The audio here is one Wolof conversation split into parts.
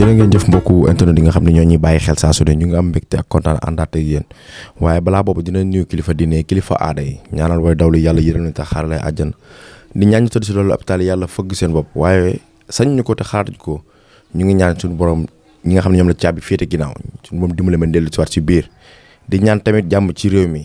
jërë ngeen jëf mbokku internet yi nga xam ne ñoo ñuy bàyyi xel saa su ne ñu ngi am mbégte ak kontaan àndaat ak waaye balaa boobu dina nuyu kilifa diine kilifa aada yi ñaanal way dawli yàlla yërëm na te xaar lay àjjan di ñaan ñu tëdd si loolu hôpital yàlla fëgg seen bopp waaye sañ ñu ko te xaaraju ko ñu ngi ñaan suñu borom ñi nga xam ne ñoom la caabi féete ginnaaw suñu moom dimbale ma dellu si waat si biir di ñaan tamit jàmm ci réew mi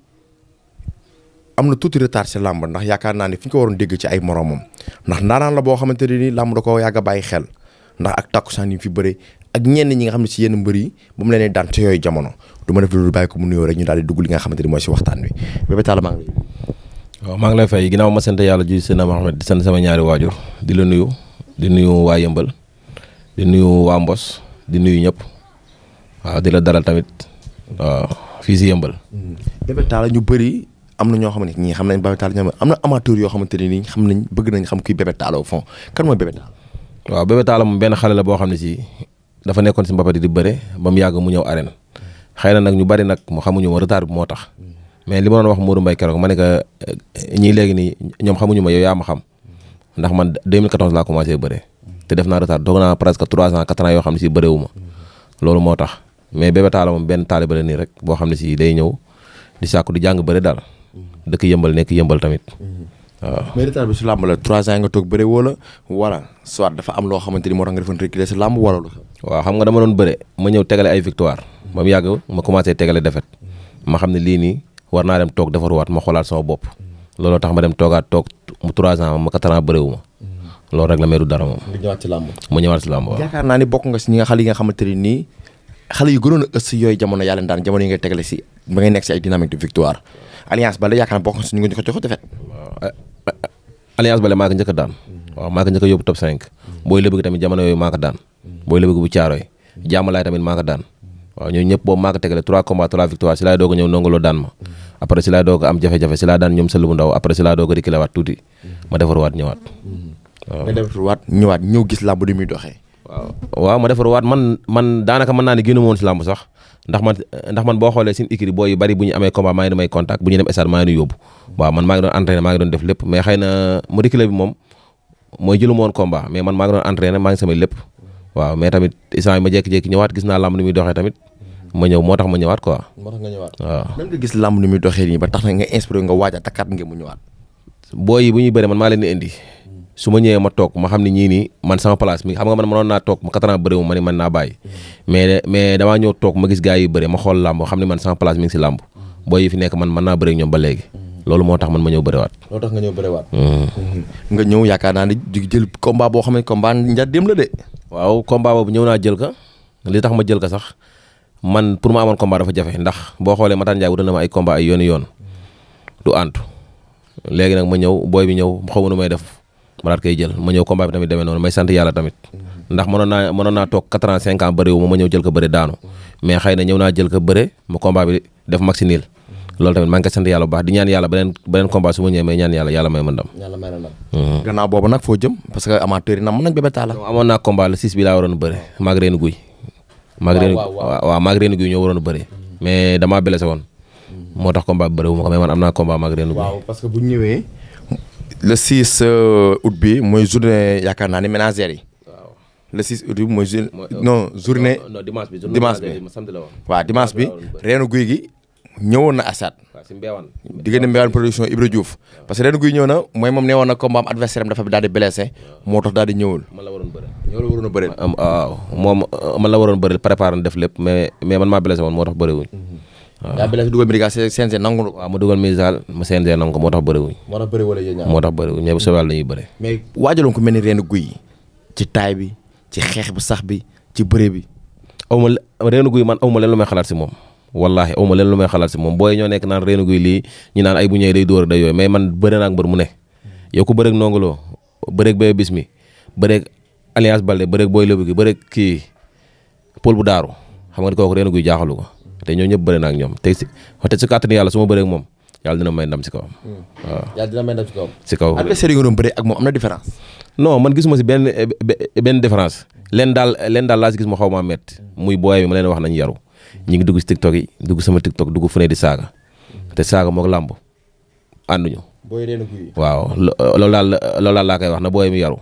am na tuuti retard ci làmb ndax yaakaar naa ne fi ñu ko waroon dégg ci ay moromam ndax ndaanaan la boo xamante ne nii làmb da ko yàgg a bàyyi xel ndax ak takkusaan yi fi bëre ak ñenn ñi nga xam ne si yenn mbër yi ba mu leen daan ci yooyu jamono du ma def loolu bàyyi ko mu nuyoo rek dugg nga xamante mooy ci waxtaan wi Bébé Talla maa ngi lay waaw maa ngi ma sant yàlla ji seen Muhammad di sant sama ñaari waajur la nuyu di waa Yëmbal di nuyu waa Mbos di nuyu ñëpp waaw di la dalal tamit fii ci Yëmbal ñu bëri am na ñoo xam nañ Bébé Talla ñoom na amateur yoo xamante ne nii xam nañ bëgg nañ xam kuy Bébé Talla au fond kan mooy Bébé la boo xam ne si dafa nekkoon si mbapat yi di bëre ba mu yàgg mu ñëw arène xëy na nag ñu bari nag mu xamuñu ma retard bi moo tax mais li ma doon wax Modou Mbaye keroog ma ne que eh, ñii nii ñoom xamuñu ma yow ma xam ndax man 2014 laa commencé bëre te def naa retard doog naa presque 3 ans 4 yoo xam ne si bëreewu ma loolu moo tax mais Bébé Talla moom benn taalibe la nii rek boo xam ne si day ñëw di sàkku di jàng bëre daal dëkk yëmbal nekk yëmbal tamit. Mm-hmm. waaw mais retard bi su làmb la trois ans nga toog bëre wala wala soit dafa am loo xamante ni moo tax nga defoon reculer si làmb wala lu. waaw xam nga dama doon bëre ma ñëw tegale ay victoire ba mu yàgg ma commencé tegale défaite mm-hmm. ma xam ne lii nii war naa dem toog defaruwaat ma xoolaat sama bopp mm-hmm. looloo tax ma dem toogaat toog trois ans ma quatre ans loolu rek la meeru dara moom. nga ñëwaat ci làmb. ma ñëwaat ci làmb waaw. yaakaar naa ni bokk nga si a ës yooyu jamono yàlla daan jamono yi ngay ba ngay nekk si ay dynamique victoire alliance Baldé yaakaar naa maa ko njëkk a daan waaw maa ko a yóbbu top 5 booy lëbëg tamit jamono yooyu maa ko daan booy lëbëg bu caaroy jaamalaay tamit maa ko daan waaw ñooñu ñëpp boobu maa ko tegale 3 combats 3 victoire si laay doog a ñëw nongoloo daan ma après si laay doog a am jafe-jafe laa daan ñoom sël bu ndaw après si laa waat ñëw gis làmb di muy doxee waaw ma defarwaat man man daanaka mën naa ne génn woon si làmb sax ndax man ndax man boo xoolee seen écurie booy yu bari bu ñu amee combat maa ngi damay contact bu ñu dem stade maa ngi doon yóbbu waaw man maa ngi doon entraîné maa ngi doon def lépp moom mooy jëlu ma woon combat man maa ngi doon entraîné maa ngi samay lépp waaw mais tamit instant yi ma jékki-jékki ñëwaat gis naa làmb ni muy doxee tamit ma ñëw moo tax ma ñëwaat quoi. moo tax nga ñëwaat waaw. même nga gis làmb muy doxee nii ba tax na nga inspiré nga waaj a takkaat ngeen mu ñëwaat. booy yi bu ñuy bëre man maa leen di indi su ma ñëwee ma toog ma xam ne ñii nii man sama place mi xam nga man mënoon naa toog ma quatre ans bëri ma ni mën naa bàyyi mais mais damaa ñëw toog ma gis gars yi bëri ma xool làmb xam ne man sama place mi ngi si làmb booy yi fi nekk man mën naa bëri ñoom ba léegi loolu moo tax man ma ñëw bëriwaat loolu tax nga ñëw bëriwaat hmm. nga ñëw yaakaar naa ne jël combat boo xam ne combat njar dem la de waaw combat boobu ñëw naa jël ka li tax ma jël ka sax man pour ma amoon combat dafa jafe ndax boo xoolee ma Ndiaye wutal na ma ay combat ay yooni yoon du àntu léegi nag ma ñëw booy bi ñëw xaw ma nu may def ma daal koy jël ma ñëw combat bi tamit demee noonu may sant yàlla tamit ndax mënoon toog quatre cinq ans bëre ma ñëw jël ko bëre daanu mais xëy na ñëw naa jël ko bëre ma combat def maxi niil loolu tamit maa ngi koy sant yàlla bu waroon bëre mhm. mais damaa blessé woon mhm. moo tax combat bi bëre ko mais man am naa combat maag reen guy. le 6 euh, août bi mooy journée yaakaar naa ne ménagères yi. le 6 août bi mooy euh, journée. non journée non dimanche bi journée dimanche bi waaw dimanche bi reenu guy gi ñëwoon na Assad. waaw si Mbéwane. diggante Mbéwane production Ibra Diouf. parce que reenu guy ñëw mooy moom ne woon na combat am adversaire am dafa daal di blessé. moo tax daal di ñëwul. mala waroon bëreel. ñoo la waroon a bëreel. waaw euh, waroon bëreel préparé na def lépp mais mais man maa blessé woon moo tax bëriwuñ. Mhm. daa bi la fi dugal Médical CNG nangu waaw ma dugal Médical ma CNG nangu ko moo tax bëriwuñ moo tax bëri wala moo tax bëriwuñ mais bu soobee yàlla dañuy bëri mais waajaloon ko mel ni reen guy ci taay bi ci xeex bu sax bi ci bëre bi aw ma reen guy man aw ma leen lu may xalaat si moom wallaahi aw ma leen lu may xalaat si moom booy ñoo nekk naan reen guy lii ñu naan ay bu ñëwee day dóor day yooyu mais man bëri naa ak mbër mu ne yow ku bëreeg nongaloo bëreeg Bébé Bismi bëreeg Alliance Baldé bëreeg Boy Lobby gi bëreeg kii Paul bu daaru xam nga kooku reen guy jaaxalu ko te ñoo ñëpp bëri na ak ñoom te si te si kàttanu yàlla su ma bëree ak moom yàlla dina may ndam si kawam. Hmm. waaw yàlla dina may ndam si kawam. si kaw adversaire yi nga ak moom am na différence. non man gisuma si benn benn différence leen daal leen daal laa si gis ma xaw ma mett muy booy bi ma leen wax nañ yaru ñu ngi dugg si tiktok yi dugg sama tiktok duggu fu ne di saaga te saaga moog làmb ànduñu. booy reenu guy. waaw loolu daal loolu daal laa koy wax na booy mi yaru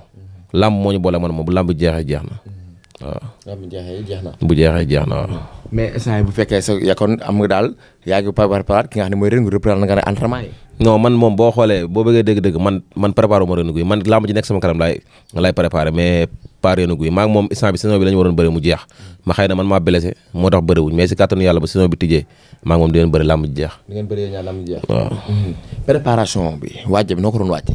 làmb moo ñu boole man moom bu làmb jeexee jeex na hmm. waaw. làmb jeexee jeex na. bu jeexee jeex na mais instant bu fekkee sa yakoon am nga daal yaa ngi préparé ki nga xam ne mooy ren gu moom boo xoolee boo bëggee dëgg-dëgg man man préparé wu ma ren gu man làmb ji nekk sama kanam laay laay préparé mais pas la ñu waroon mu jeex ma bi tijjee maa ngi moom mhm. wàcce ko doon wàcce.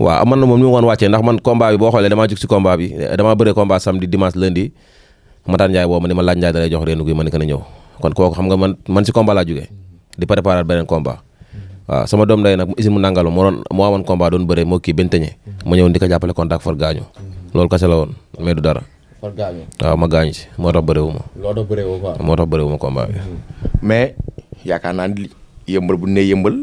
waaw man moom ni mu woon wàccee ndax man combat bi boo xoolee damaa jug si combat bi damaa bëre combat samedi dimanche lundi Matar Ndiaye woo ma ni ma laaj Ndiaye da lay jox Reenu Guy ma ne ko na ñëw kon kooku xam nga man man si combat laa jógee di préparer beneen combat waaw sama doom day nag usine mu nangalu moo doon moo amoon combat doon bëree moo kii benn tëñe ma ñëw ko jàppale contact for gaañu loolu kese la woon mais du dara. for gaañu waaw ma gaañu si tax bëreewu ma. loo tax bëreewu ma moo tax bëreewu mais yaakaar naa ni yëmbal bu ne yëmbal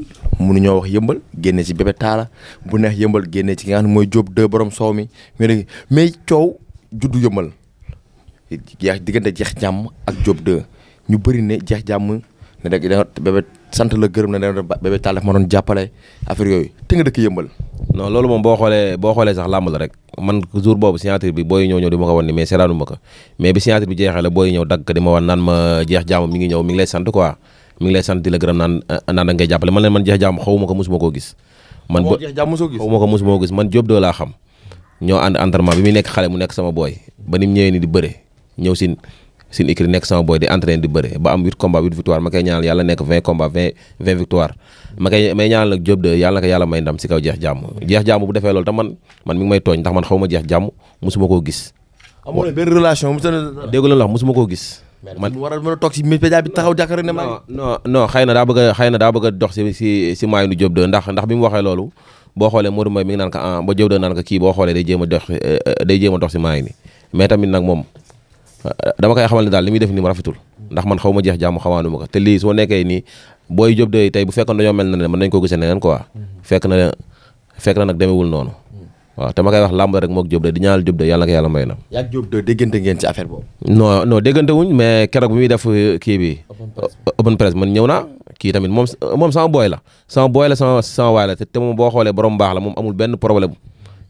mënuñoo wax yëmbal génne ci bébé taala bu neex yëmbal génne ci nga xam ne mooy Diop deux borom soow mi mais coow juddu yëmbal jeex diggante jeex jàmm ak Diop 2 ñu bëri ne jeex jàmm ne sant la gërëm ne da nga bébé Talla ma doon jàppale affaire boo xoolee boo xoolee sax la ma ko wan ni mais seeraanu ma ko mais bi signature bi la booy ñëw dagg di ma wan naan ma jeex jàmm mi ngi ñëw mi ngi lay sant quoi mi ngi lay sant di la gërëm naan ah, naan da ngay jàppale man leen man jeex jàmm xaw ko mosuma koo ko gis man Diop 2 laa xam ñoo ànd bi muy nekk xale mu nekk sama booy ba ni ñëwee ni di bëre ñëw sin sin écrit nekk sama boy di entraîné di bëre ba am 8 combat 8 victoire ma koy ñaanal yàlla nekk 20 combat 20 victoire ma koy may ñaanal nag Diop de yàlla na yàlla may ndam si kaw jeex jàmm jeex jàmm bu defee loolu tam man mi ngi may tooñ ndax man xaw ma jeex jàmm mosuma koo gis amoo relation dégg la wax mosuma koo gis man war a a toog si taxaw jàkkaarloo ne maa non non na daa bëgg a xëy na daa bëgg a dox si si si de ndax ndax bi mu waxee loolu boo xoolee Modou Mbaye mi ngi naan ko ah, ba Diop de naan ko kii boo xoolee day jéem a dox eh, eh, day a dox si maayu ni mais tamit nag moom dama koy xamal ne daal li muy def ni mu rafetul ndax man xaw ma jeex jàmm xamaanu ma ko te lii soo nekkee nii booy job de tey bu fekkoon dañoo mel na ne mën nañ ko gisee neneen quoi fekk na fekk na nag demewul noonu waaw te ma koy wax làmb rek moo Diop de di ñaanal Diop de yàlla ko yàlla may na. yaa ngi Diop de déggante ngeen ci affaire boobu. non non déggante wuñ mais keroog bi muy def euh, kii bi. Euh, open press man ñëw naa kii tamit moom moom sama booy la. sama booy la sama sama waay la te moom boo xoolee borom baax la moom amul benn problème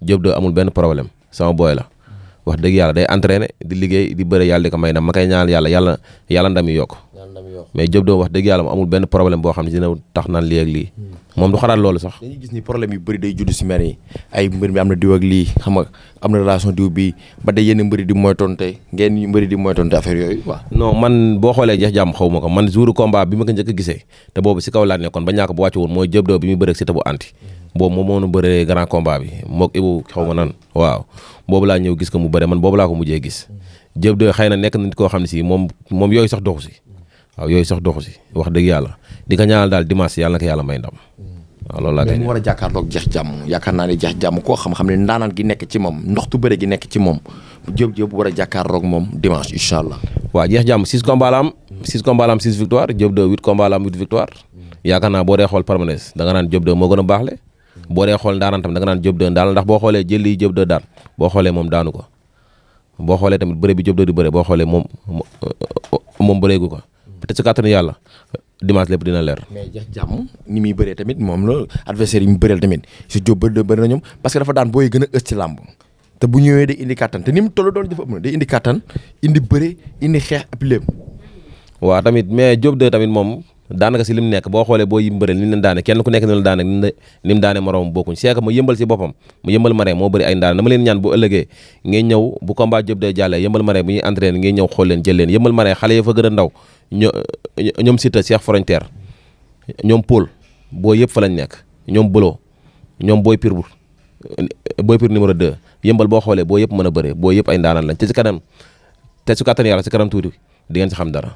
Diop de benn problème sama la wax dëgg yàlla day entraîné di liggéey di bëre yàlla di ko may ndam ma koy ñaanal yàlla yàlla yàlla ndam mais Diop Dóor wax dëgg yàlla mu amul benn problème boo xam ne dina tax naan lii ak lii hmm. moom du xalaat loolu sax dañuy gis ni problème yu bëri day judd si mer yi ay mbir mi am na diw ak lii xam nga am na relation diw bi ba day yenn mbëri di moytonte ngeen mbëri di yooyu waaw man boo xoolee jeex jàmm xaw ma ko man jour combat bi ma ko njëkk gisee te boobu si kaw laa nekkoon ba ñaako bu wàcc woon mooy Diop Dóor bi muy bëreeg si ta bu anti hmm. boobu moom moo nu bëree grand combat bi moog Ibu xaw ma nan waaw boobu laa ñëw gis ko mu bëre man boobu laa ko mujjee gis hmm. Diop Dóor xëy na nekk na koo xam ne si moom moom yooyu sax doxu si waaw yooyu sax doxu si wax dëgg yàlla di ko ñaanal daal dimanche yàlla na yàlla may ndam. waaw loolu laa war a jàkkaarloog jeex jàmm yaakaar naa ne jeex jàmm koo xam-xam ne ndaanaan gi nekk ci moom ndoxtu bëre gi nekk ci moom Diop Diop a jàkkaarloog moom dimanche incha allah. waaw jeex jàmm 6 combats la am 6 combats la am 6 victoire Diop 2 8 combats boo xool permanence da naan Diop moo gën a baaxle boo dee xool ndaanaan tam da nga naan Diop ndax boo xoolee jëli Diop 2 daan boo xoolee moom daanu ko boo xoolee tamit bëre bi Diop 2 di bëre boo xoolee moom moom bëreegu ko te ci kàttanu yàlla dimanche lépp dina leer. mais jeex jàmm ni muy bëree tamit moom la adversaire yi mu bëreel tamit si Diop bëri bëri na ñoom que dafa daan booy gën a ës ci làmb te bu ñëwee day indi kàttan ni mu toll doon dafa indi kàttan indi bëre indi xeex ab lépp. waaw tamit mais Diop de tamit moom daanaka si li nekk boo xoolee boo yim bëreel ni leen daane kenn ku nekk ni la daane ni mu daane moo bëri ay ndaane dama leen ñaan bu ëllëgee ngeen ñëw bu combat Diop de jàllee yëmbal maree bu ñuy entraîné ngeen ñëw xool leen jël leen yëmbal maree xale ño ñoom Cité Cheikh Frontière ñoom Paul boo yëpp fa lañ nekk ñoom Bolo ñoom Boy Pire bu Boy Pire numéro 2 boo xoolee boo yëpp mën a bëree boo yëpp ay ndaanaan lañ te ci kanam te su tuuti di ngeen ci xam dara.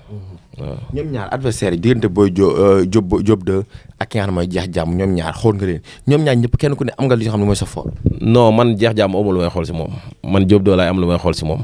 waaw ñoom ñaar adversaire yi diggante booy jo Diop Diop de ak ki nga xam mooy jeex jàmm ñoom ñaar xool nga leen ñoom ñaar ñëpp kenn ku ne am nga li nga xam ne mooy sa fort. non man jeex jàmm amul lu may xool si moom man Diop de laay am lu may xool si moom.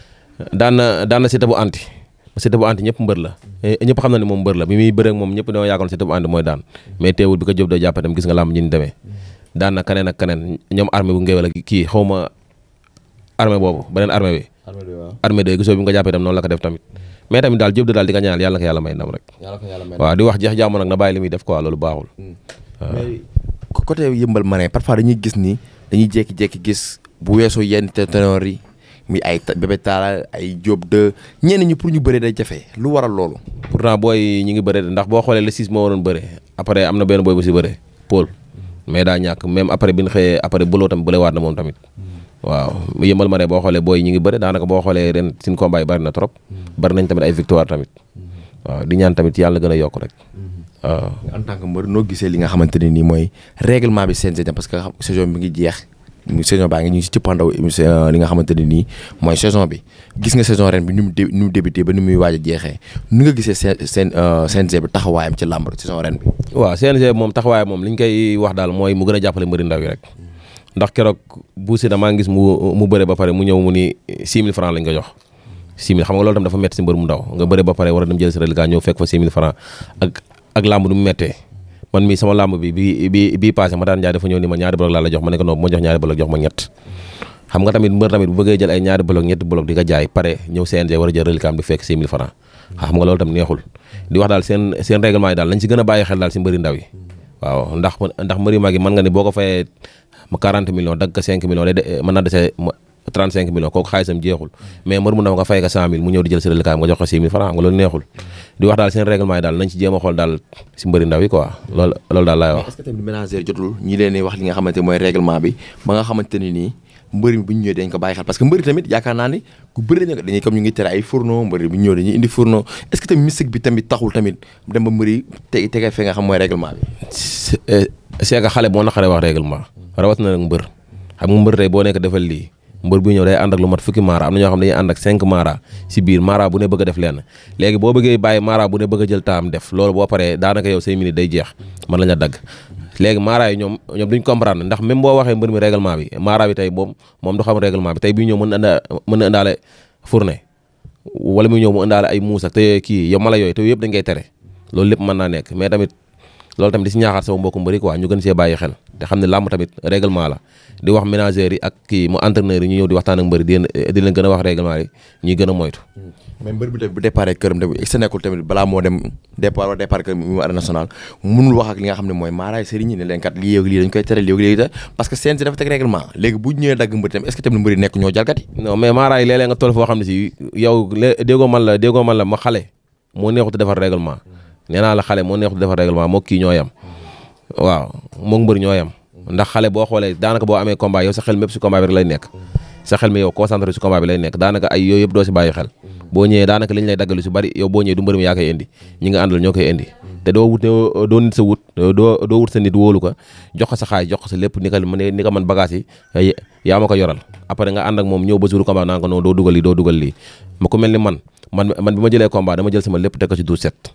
daan na daan na Siteu bu anti Siteu bu anti ñëpp mbër la eh, ñëpp xam na ne moom mbër la bi muy bëreeg moom ñëpp dañoo yaakaaroon Siteu bu anti mooy daan mais teewul bi ko jàppee tamit mais tamit daal Jóob daal di nga ñaanal yàlla ko yàlla may ndam rek waaw di wax jeex jàmm nag na bàyyi li muy def quoi loolu baaxul mm. côté yëmbal mane parfois dañuy gis ni dañuy jékki-jékki gis bu weesoo yenn ténor yi muy ay bébé taala ay Diop de ñenn ñi pour ñu bëree day jafe lu waral loolu. pourtant booy ñi ngi bëree ndax boo xoolee le six moo waroon bëree après am booy bu si bëree Paul mais daa ñàkk même après bi ñu xëyee après buloo tamit bu lay waat na moom tamit. waaw yëmbal ma ne boo xoolee booy ñi ngi bëri daanaka boo xoolee ren sin combat na trop. bari nañ tamit ay victoire tamit. waaw di ñaan tamit yàlla gën a yokk rek. waaw en tant que mbër nga xamante ne nii mooy règlement bi CNG parce que saison bi ngi jeex. saison baa ngi ñu ngi si cëppandaw euh, li nga xamante ne nii mooy saison bi gis nga saison ren bi nu mu dé nu mu ba nu muy waaj a jeexee nu nga gisee seen seen euh, CNG bi taxawaayam ci làmb saison ren bi. waaw CNG moom taxawaayam moom li ñu koy wax daal mooy mu gën a jàppale mbëri ndaw yi rek ndax keroog buusi na maa ngi gis mu mu bëre ba pare mu ñëw mu ni 6000 francs lañ ko jox. 6000 xam nga loolu tam dafa métti si mu ndaw nga bëre ba pare war a jël sa reliquat ñëw fekk fa 6000 francs ak ak làmb nu mu méttee. man mii sama làmb bi bi bi bii passé ma daan jaay dafa ñëw ni ma ñaari bloc laa la jox ma ne noonu ma jox ñaari bloc jox ma ñett xam nga tamit mbër tamit bu bëggee jël ay ñaari bloc ñetti bloc di ko jaay pare ñëw CNG war a jël reliquat am di fekk 6000 francs ah, xam nga loolu tam neexul di wax daal seen seen yi daal nañ ci gën a bàyyi xel daal ci mbëri ndaw yi waaw ndax ndax mbëri mag yi mën nga ni boo ko fayee 40 millions dagg ko 35 millions kooku xaalisam jeexul mais mbër mu neexul di wax daal seen règlement yi daal nañ ci jéem a xool daal si mbëri ndaw yi quoi loolu jotul ñi leen wax li nga xamante mooy règlement bi ba nga xamante ni nii mbëri mi bu ñu ñëwee dañ ko bàyyi xel parce que mbëri tamit yaakaar naa ni ku bëri dañ dañuy comme ñu ngi tere ay fourneau mbëri bu ñu ñëwee dañuy indi fourneau est-ce que tamit na nag mbër xam nga mbër tey boo nekk defal lii mbër bu ñëw day ànd ak lu mat fukki maara am na biir maara bu ne bëgg a leen lenn léegi boo bëggee bàyyi maara bu ne bëgg jël taam def loolu boo paree daanaka yow say minutes day jeex mën lañ dagg léegi maara yi ñoom ñoom duñ comprendre ndax même boo waxee mbër mi règlement bi maara bi tey moom moom du xam règlement bi tey bi ñëw mën anda mën na indaale fourné wala muy ñëw mu indaale ay muus ak te kii yow mala yooyu te yëpp dañ koy tere loolu lépp mën naa nekk mais tamit loolu tamit di si ñaaxaat sama mbokku mbëri quoi ñu gën see bàyyi xel te xam ne làmb tamit règlement la di wax ménagères yi ak kii mu entraîneurs yi ñu ñëw di waxtaan mbëri di leen gën a wax règlement yi ñuy gën a moytu. Hmm. mais mbër bi tamit moo dem départ wala mooy maaraay sëriñ ñi ne leen que seen si dafa teg règlement léegi bu ñëwee dagg mbëri tamit est-ce que tamit man la déggoo xale moo neexut defar règlement hmm. nee naa la xale moo neexut defar règlement moo kii ñooyam waaw moog mbër ñoo yem ndax xale boo xoolee daanaka boo amee combat yow sa xel mépp si combat bi lay nekk sa xel mi yow concentré si combat bi lay nekk daanaka ay yooyu yëpp doo si bàyyi xel boo ñëwee daanaka li ñu lay daggalu si bari yow boo ñëwee du mbër mi yaa koy indi ñi nga àndal ñoo koy indi te doo wut doo nit sa doo doo wut sa nit wóolu ko jox ko sa xaay jox ko sa lépp ni ko ni man bagage yaa ma ko yoral après nga ànd ak moom ñëw ba jour combat naan ko noonu doo dugal lii doo dugal lii ma ku mel ni man man man bi ma jëlee combat dama jël sama lépp teg ko si 12 7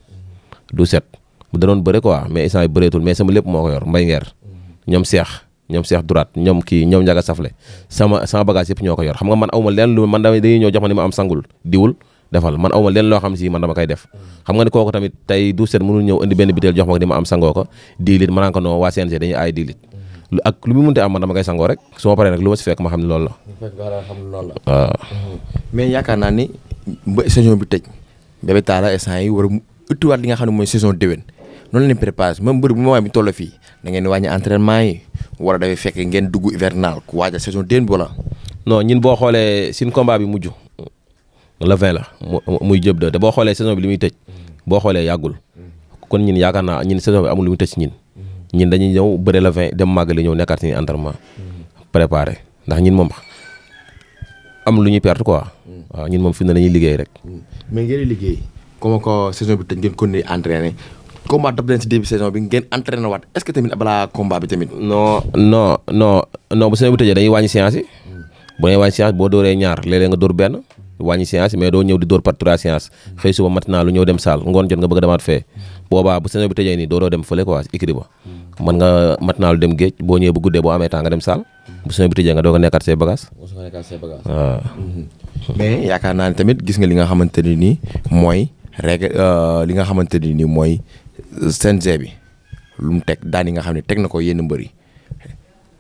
12 mu danoon bëre quoi mais instant yi bëreetul mais sama lépp moo ko yor mbay ngeer ñoom seex ñoom seex duraat ñoom kii ñoom njaga safle sama sama bagage yëpp ñoo ko yor xam nga man awma leen lu man dama dañuy ñëw jox ma ni ma am sangul diwul defal man leen loo xam si man dama koy def xam nga ni kooku tamit tey du seet mënul ñëw indi benn biteel jox ma ko ni ma am sangoo ko diilit ma naan ko noo waa dañuy aay diilit lu ak lu mu mënti am man dama koy sangoo rek su ma paree nag lu ma si fekk ma xam ne loolu mhm. mais yaakaar naa ni ba saison bi tëj Bébé Talla yi war a utiwaat nga xam ne mooy saison déwén noonu leen préparé même mbër bu ma waay bi toll fii da ngeen wàññi entraînement yi wala dafay fekk ngeen dugg hivernal ku waaj a saison déen bi wala non ñun boo xoolee suñ combat bi mujj le 20 la muy jëb da te boo xoolee saison bi li muy tëj boo xoolee yàggul kon ñun yaakaar naa ñun saison bi amul lu muy tëj si ñun ñun dañuy ñëw bëre le 20 dem màggali ñëw nekkaat si entraînement préparé ndax ñun moom am lu ñuy perte quoi waaw ñun moom fi na dañuy liggéey rek mais ngeen liggéey comme ko saison bi tëj ngeen kon ne entraîné comme dab leen si saison bi ngeen entraîné waat est ce que tamit balaa combat bi tamit. Hmm. boo dooree ñaar léeg-léeg nga dóor benn wàññi mais doo ñëw di dóor par trois séance hmm. xëy suba matinat lu ñëw dem saal ngoon jot nga bëgg a demaat fee hmm. boobaa bu saison bi tëjee nii dooroo dem fële quoi dem géej boo ñëwee bu guddee boo amee temps nga dem nga a nekkaat say bagage mais yaakaar naa ne tamit gis nga li nga xamante ni nii mooy rek euh, li nga xamante ni nii mooy CNG bi lu mu teg daan yi nga xam ne teg na ko yenn mbër yi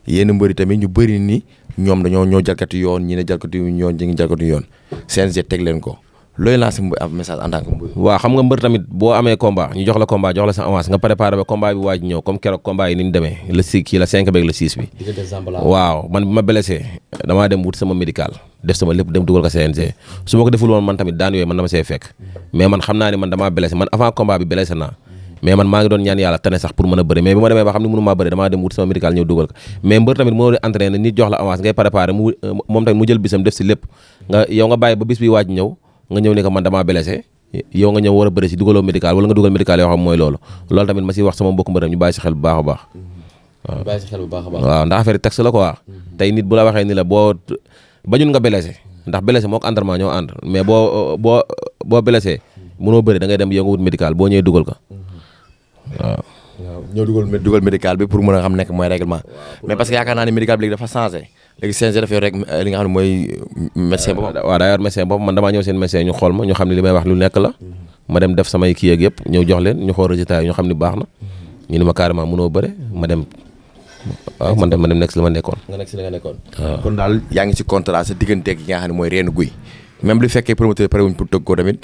yenn mbër yi tamit ñu bëri ni ñoom dañoo ñoo jalkati yoon ñi ne jalkati yoon ñi ngi jalkati yoon CNG teg leen ko looy lancé ab message en tant waaw xam nga mbër tamit boo amee combat ñu jox la combat jox la sa avance nga préparé ba combat bi waaj ñëw comme keroog combat yi ni ñu demee le six kii la lépp dem dugal ko CNG man tamit daan yooyu man mm. naa ne man damaa blessé man avant combat naa mais man maa ngi doon ñaan yàlla tane sax pour mën a bëri mais bi ma demee ba xam ne mënu maa bëri damaa dem wut sama médical ñëw dugal ko mais mbër tamit ba bis bi waaj ñëw a médical mooy loolu ma si wax sama mbokk mbëram ñu bàyyi a baax waaw a baax waaw ndax affaire texte la quoi tey boo bañun nga blessé ndax blessé moo mais boo boo boo blessé mënoo da ngay dem yow nga wut médical boo ñëwee dugal ka waaw. waaw dugal médical bi pour mën a xam nekk mooy règlement mais parce que yaakaar naa ne médical bi léegi dafa changé léegi CNG dafa yor rek euh, li nga xam ne mooy xool ma ñu xam ne li may wax lu nekk la ma dem def samay kii ak yëpp ñëw jox leen ne baax na ma carrément mënoo bëre ma dem waaw man dem ma dem nekk si ma nekkoon nga nekk si li nga daal yaa ngi si contrat sa digganteeg yi nga xam ne mooy reenu guy même lu fekkee promoteur pare wuñ pour tëgg ko tamit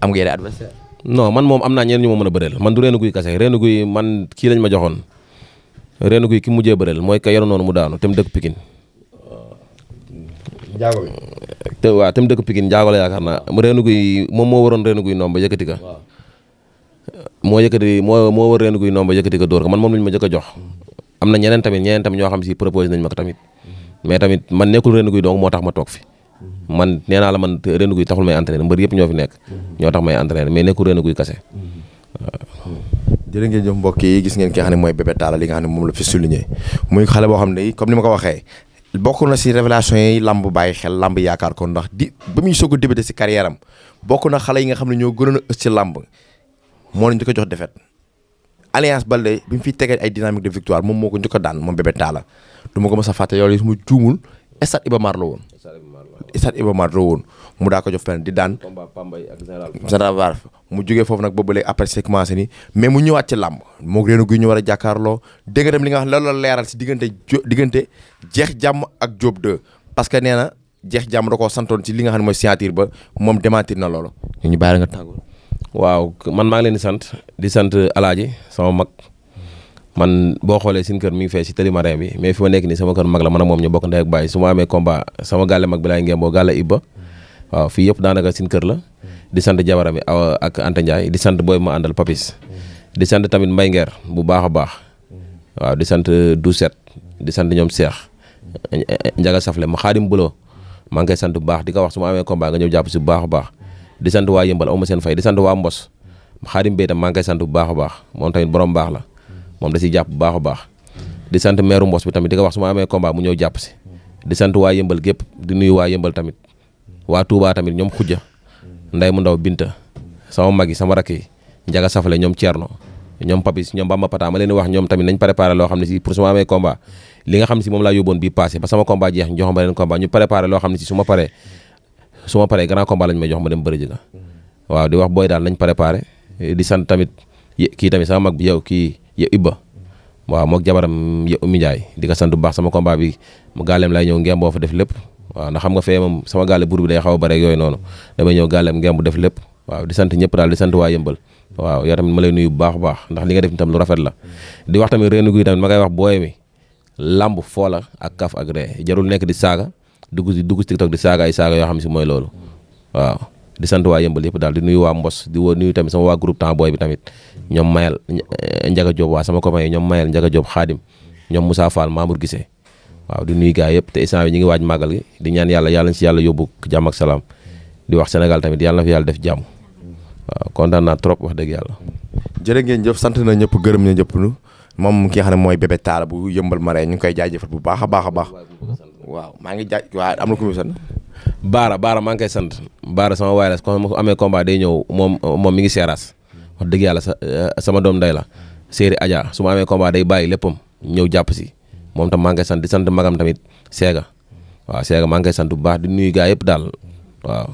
am nga yeneen adversaire non man moom am naa ñeneen ñu ma mën a bëreel man du reenu guy kase man kii lañ ma joxoon reenu guy ki mujjee bëreel mooy ka yaru noonu mu daanu te mu dëkk Pikine. jaago bi te waaw te mu dëkk Pikine jaago la reenu guy moo waroon reenu guy nomba yëkkati ka. moo yëkkati moo moo war reenu guy nomba yëkkati ka dóor ko man moom lañ ma jëkk jox. am na ñeneen tamit ñeneen tamit ñoo xam si proposé nañ ma ko tamit mm-hmm. mais tamit man nekkul reenu guy donc moo tax ma toog fi. man nee naa la man René Gouye taxul may entraîner mbër yëpp ñoo fi nekk. ñoo tax may entraîner mais nekkul René Gouye kase. jërë ngeen jëf mbokk yi gis ngeen ki nga xam mooy Bébé li nga xam ne moom la fi souligné muy boo xam ne comme ni ma ko waxee bokk na si révélation yi lamb bàyyi xel lamb yaakaar ko ndax di ba muy soog a débuté si carrière am bokk na xale yi nga xam ne ñoo gënoon a ës lamb moo leen ko jox defet Alliance Baldé bi mu fiy tegee ay dynamique de moom moo ko daan moom bebe Talla du ma ko mës a fàtte yow li su ma juumul stade Iba la woon stade Iba Mar woon mu daa ko jox pen di daan général mu jógee foofu nag boobu léegi après c'est commencé ni mais mu ñëwaat ci làmb moo gi guy ñu war a jàkkaarloo dégg nga li nga xam loolu la leeral si diggante diggante jeex jàmm ak Diop 2 parce que nee na jeex jàmm da koo santoon ci li nga xam ne mooy signature ba moom démentir na loolu ñu bàyyi nga tàggoo waaw man maa ngi leen di sant di sant alaaji sama mag man boo xoolee suñu kër mi ngi fee si tëli marin bi mais fi ma nekk nii sama kër mag la man ak moom ñu bokk ndey ak bàyyi su ma amee combat sama gàlle mag bi laay ngeen boo gàlle ibba waaw fii yëpp daanaka suñu kër la di sant jabaram bi aw ak Anta di sant booy ma àndal papis di sant tamit mbay ngeer bu baax a baax waaw di sant Doucet di sant ñoom Cheikh Njaga Safle ma xaadim buloo maa ngi koy bu baax di ko wax su ma amee combat nga ñëw jàpp si bu baax a baax di sant waa yëmbal aw ma seen fay di sant waa mbos xaadim bey tam maa ngi sant bu baax a baax moom tamit borom baax la moom da siy jàpp bu baax a baax di sant meeru mbos bi tamit di ko wax su ma amee combat mu ñëw jàpp si di sant waa yëmbal gépp di nuyu waa tamit waa Touba tamit ñoom xujja nday mu ndaw binta sama mag yi sama rakk yi njaga safale ñoom Thierno ñoom Papis ñoom Bamba Pata ma leen wax ñoom tamit nañ préparé loo xam ne si pour su ma amee combat li nga xam ne si moom laa sama combat jeex ñu jox ma leen combat ñu préparé loo xam ne si ma paree su ma paree grand jox ma dem bëri ji la booy daal nañ préparé di sant tamit kii tamit sama mag bi yow kii ya Ibba waaw moo jabaram ya Oumy Ndiaye di ka sant bu baax sama combat bi mu gaaleem lay ñëw ngeen boo fa def lépp waaw ndax xam nga fee moom sama gaale buur bi day xaw bare yooyu noonu damay ñëw gaaleem ngeen bu def lépp waaw di sant ñëpp daal di sant waa yëmbal waaw yow tamit ma lay nuyu bu baax a baax ndax li nga def tam lu rafet la di wax tamit reenu gi tamit ma koy wax booy mi lamb foola ak kaf ak jarul nekk di saaga dugg si dugg si TikTok di saaga saaga yoo xam si mooy loolu waaw di sant waa yëmbal yëpp daal di nuyu waa mbos di woo nuyu tamit sama waa groupe temps booy bi tamit ñoom mayal njaga eh, Diop waa sama copain yi ñoom mayal njaga Diop xaadim ñoom Moussa Fall Mamour Gisé waaw di nuyu gars yëpp te instant bi ñu ngi waaj màggal gi di ñaan yàlla yàlla si yàlla yóbbu jàmm salaam di wax Sénégal tamit yàlla na fi yàlla def jàmm waaw kontaan naa trop wax dëgg yàlla jërë ngeen jëf sant na ñëpp gërëm na ñëpp nu moom ki nga ne mooy bébé taala bu yëmbal mare ñu ngi koy jaajëfal bu baax a baax a baax waaw maa ngi jaaj waaw am na baara baara maa ngi koy sant baara sama waay la ko amee combat day ñëw moom moom mi ngi seeraas wax dëgg yàlla sa eh, sama doom day la séeri ajaa su ma amee combat day bàyyi léppam ñëw jàpp si moom tam maa ngi sant di sant magam tamit seega waaw seega maa ngi koy sant bu baax di nuyu gaa yëpp daal waaw.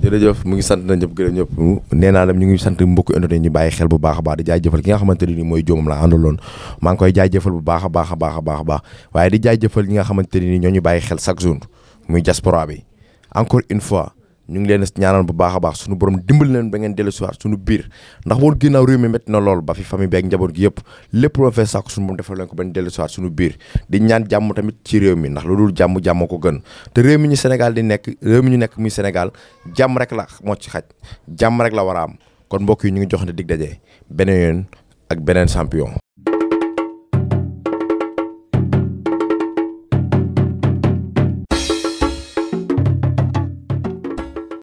jërëjëf mu ngi sant ngi sant mbokku internet yi ñu bàyyi xel bu baax a baax di jaajëfal ki nga xamante ne nii mooy joomam la àndaloon maa ngi koy jaajëfal bu baax a baax a baax a baax waaye di jaajëfal ñi nga xamante ne nii ñoo ñu bàyyi xel chaque jour muy diaspora bi encore une fois ñu ngi leen ñaanal bu baax a baax suñu borom dimbali leen ba ngeen dellu si suñu biir ndax woon ginnaaw réew mi métti na lool ba fi famille bi ak njaboot gi yëpp lépp loo fee sàkku suñu dellu si waat biir di ñaan jàmm tamit ci réew mi ndax lu dul jàmm jàmm ko gën te réew mi ñu Sénégal di nekk réew mi ñu nekk muy Sénégal jàmm rek la moo ci xaj jàmm rek la war a am kon mbokk yi ñu ngi joxante dig daje beneen yoon ak beneen champion